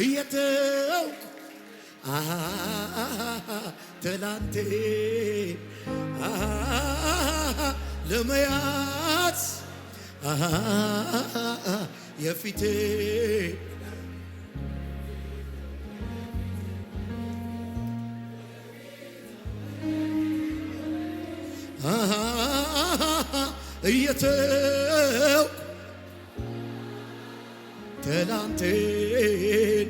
እየተውኩ ትላንቴ ለመያዝ የፊቴ እየተውኩ ትላንቴን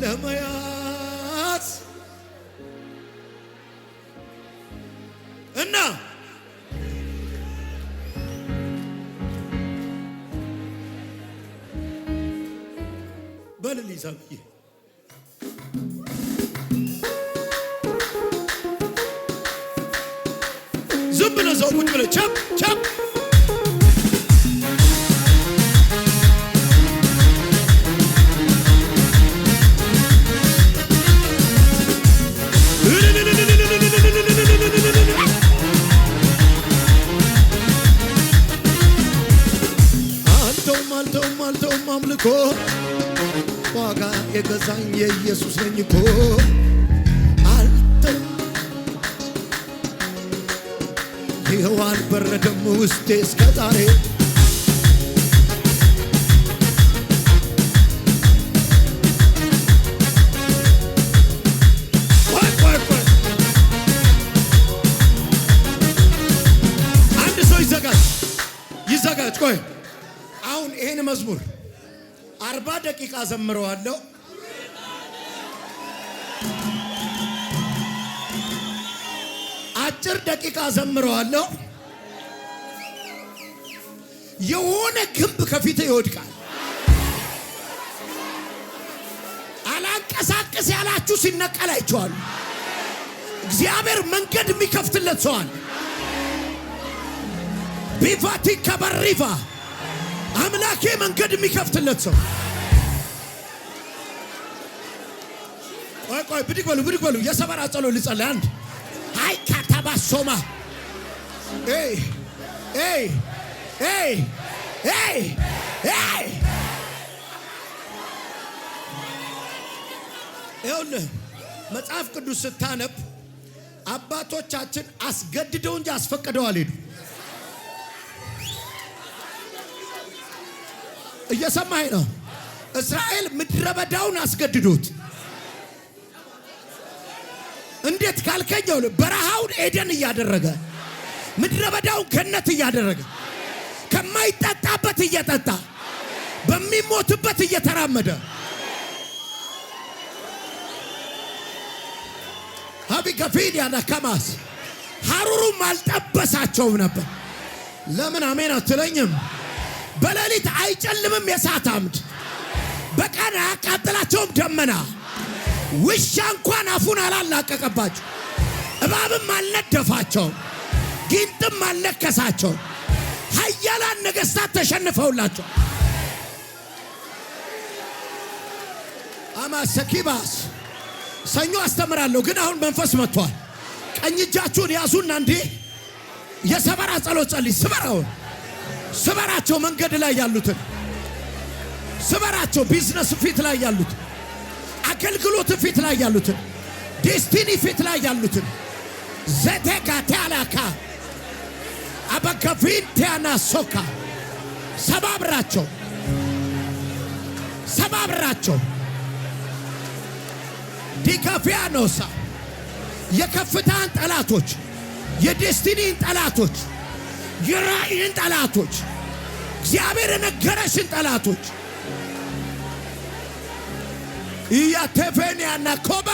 ለመያዝ እና በልል ይሳብዬ ዝም ብለህ ሰው ቁጭ ብለህ ቸም ቸም አልተውም አምልኮ ዋጋ የገዛኝ የኢየሱስ ነኝ እኮ አልተውም ይኸው አልበረደም ውስጤ እስከ ዛሬ ደቂቃ ዘምረዋለሁ። አጭር ደቂቃ ዘምረዋለሁ። የሆነ ግንብ ከፊት ይወድቃል። አላንቀሳቀስ ያላችሁ ሲነቀል አይቼዋለሁ። እግዚአብሔር መንገድ የሚከፍትለት ሰዋል ቢቫቲ ከበሪፋ አምላኬ መንገድ የሚከፍትለት ሰው ቆይ ብድግ በሉ፣ ብድግ በሉ። የሰበራ ጸሎት ልጸልይ። አንድ አይ ካታባ ሶማ ኤይ ኤይ ኤይ ኤይ ኤይ ይኸውልህ መጽሐፍ ቅዱስ ስታነብ አባቶቻችን አስገድደው እንጂ አስፈቅደው አልሄዱ። እየሰማኸኝ ነው? እስራኤል ምድረ በዳውን አስገድዶት ካልከኝ በረሃውን ኤደን እያደረገ ምድረ በዳውን ገነት እያደረገ ከማይጠጣበት እየጠጣ በሚሞትበት እየተራመደ ሀቢከፊል ያዳ ከማስ ሀሩሩም አልጠበሳቸውም ነበር። ለምን አሜን አትለኝም? በሌሊት አይጨልምም የእሳት አምድ፣ በቀን አያቃጥላቸውም ደመና። ውሻ እንኳን አፉን አላላቀቀባቸው። እባብም አልነደፋቸውም፣ ጊንጥም አልነከሳቸውም። ኃያላን ነገሥታት ተሸንፈውላቸው አማሰኪባስ ሰኞ አስተምራለሁ፣ ግን አሁን መንፈስ መጥቷል። ቀኝ እጃችሁን ያዙና እንዲህ የሰበራ ጸሎት ጸልይ። ስበራውን ስበራቸው፣ መንገድ ላይ ያሉትን ስበራቸው፣ ቢዝነስ ፊት ላይ ያሉትን፣ አገልግሎት ፊት ላይ ያሉትን፣ ዴስቲኒ ፊት ላይ ያሉትን ዘቴካቴያላካ አበከፊንቴያናሶካ ሰባብራቸው ሰባብራቸው ዲከፊያኖሳ የከፍታን ጠላቶች፣ የዴስቲኒን ጠላቶች፣ የራእይን ጠላቶች፣ እግዚአብሔር የነገረሽን ጠላቶች እያቴፌንያና ኮባ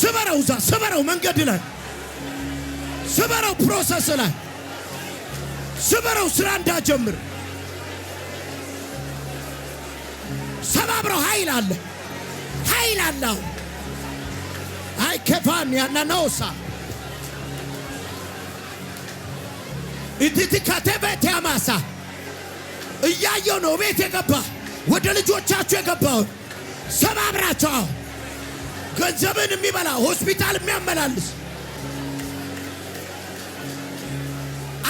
ስበረው፣ እዛ ስበረው፣ መንገድ ላይ ስበረው፣ ፕሮሰስ ላይ ስበረው፣ ስራ እንዳጀምር ሰባብረው። ኃይል አለ፣ ኃይል አለው። አይ ከፋን ያና ነውሳ ኢቲቲ ካቴቤት ያማሳ እያየው ነው ቤት የገባ ወደ ልጆቻችሁ የገባውን ሰባብራቸው ገንዘብን የሚበላ ሆስፒታል የሚያመላልስ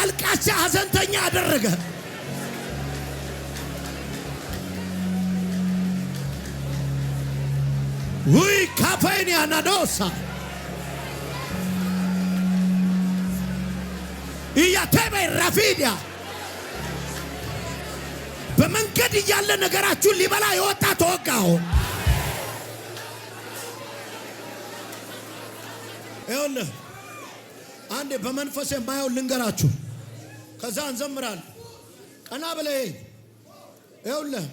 አልቃሻ ሀዘንተኛ አደረገ። ውይ ካፋይን ያናዶሳ እያቴበ ራፊዲያ በመንገድ እያለ ነገራችሁን ሊበላ የወጣ ተወጋሁ። ይኸውልህ አንዴ በመንፈስ የማየው ልንገራችሁ፣ ከዛ እንዘምራል። ቀና ብለህ ይኸውልህ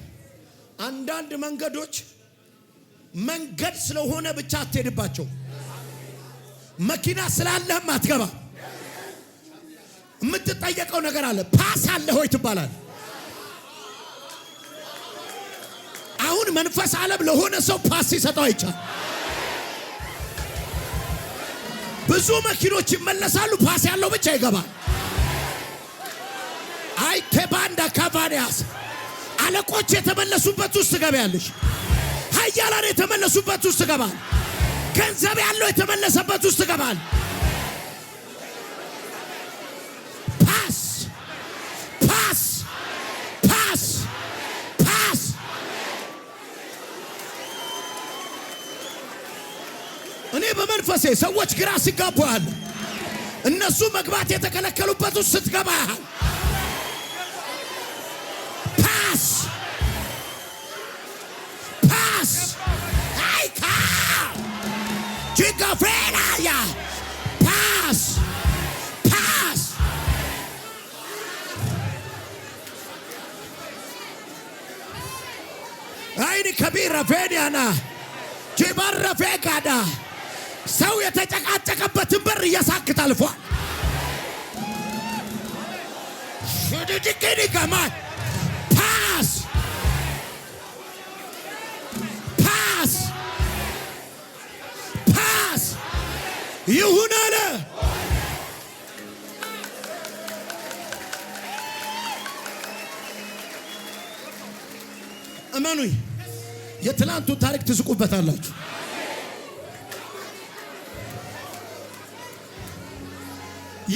አንዳንድ መንገዶች መንገድ ስለሆነ ብቻ አትሄድባቸው። መኪና ስላለህም አትገባ። የምትጠየቀው ነገር አለ። ፓስ አለ ሆይ ትባላል። አሁን መንፈስ ዓለም ለሆነ ሰው ፓስ ይሰጠው አይቻል ብዙ መኪኖች ይመለሳሉ። ፓስ ያለው ብቻ ይገባል። አይ ቴባንዳ ካቫንያስ አለቆች የተመለሱበት ውስጥ ትገቢያለሽ። ኃያላን የተመለሱበት ውስጥ ትገባል። ገንዘብ ያለው የተመለሰበት ውስጥ ትገባል። በመንፈሴ ሰዎች ግራ ሲጋቧል እነሱ መግባት የተከለከሉበት ውስጥ ስትገባ ፓስ ፓስ አይካ ቺጋፌናያ ፓስ አይኒ ከቢራ ፌንያና ቺባራ ሰው የተጨቃጨቀበትን በር እየሳክ ታልፏል። ሽድድቅን ይገማል። ፓስ ፓስ ፓስ ይሁን አለ። እመኑኝ፣ የትላንቱ ታሪክ ትስቁበታላችሁ።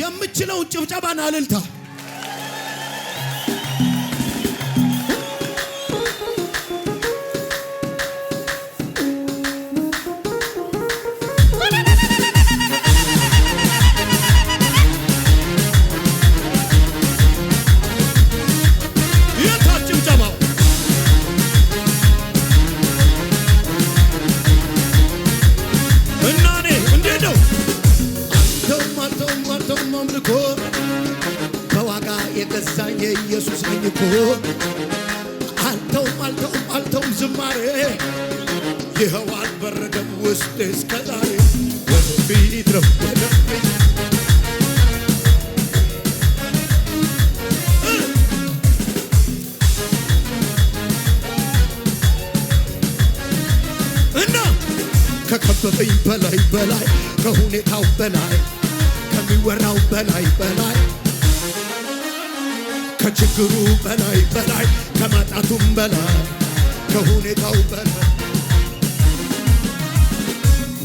የምችለውን ጭብጨባን አልልታ አልበረደም ውስጤ እስከዛሬ ወደፊትረፍ ወደፊት እና ከከበበኝ በላይ በላይ ከሁኔታው በላይ ከሚወራው በላይ በላይ ከችግሩ በላይ በላይ ከማጣቱም በላይ ከሁኔታው በላይ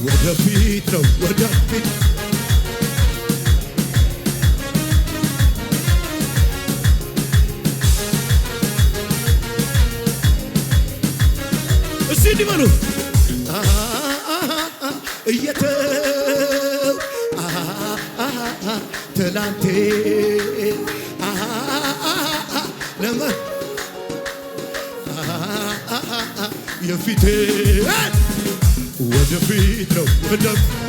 ወደፊት ነው ወደፊት እስቲ እንዲበሉ እየተው ትላንቴ ለመ የፊቴ وجفيته بدم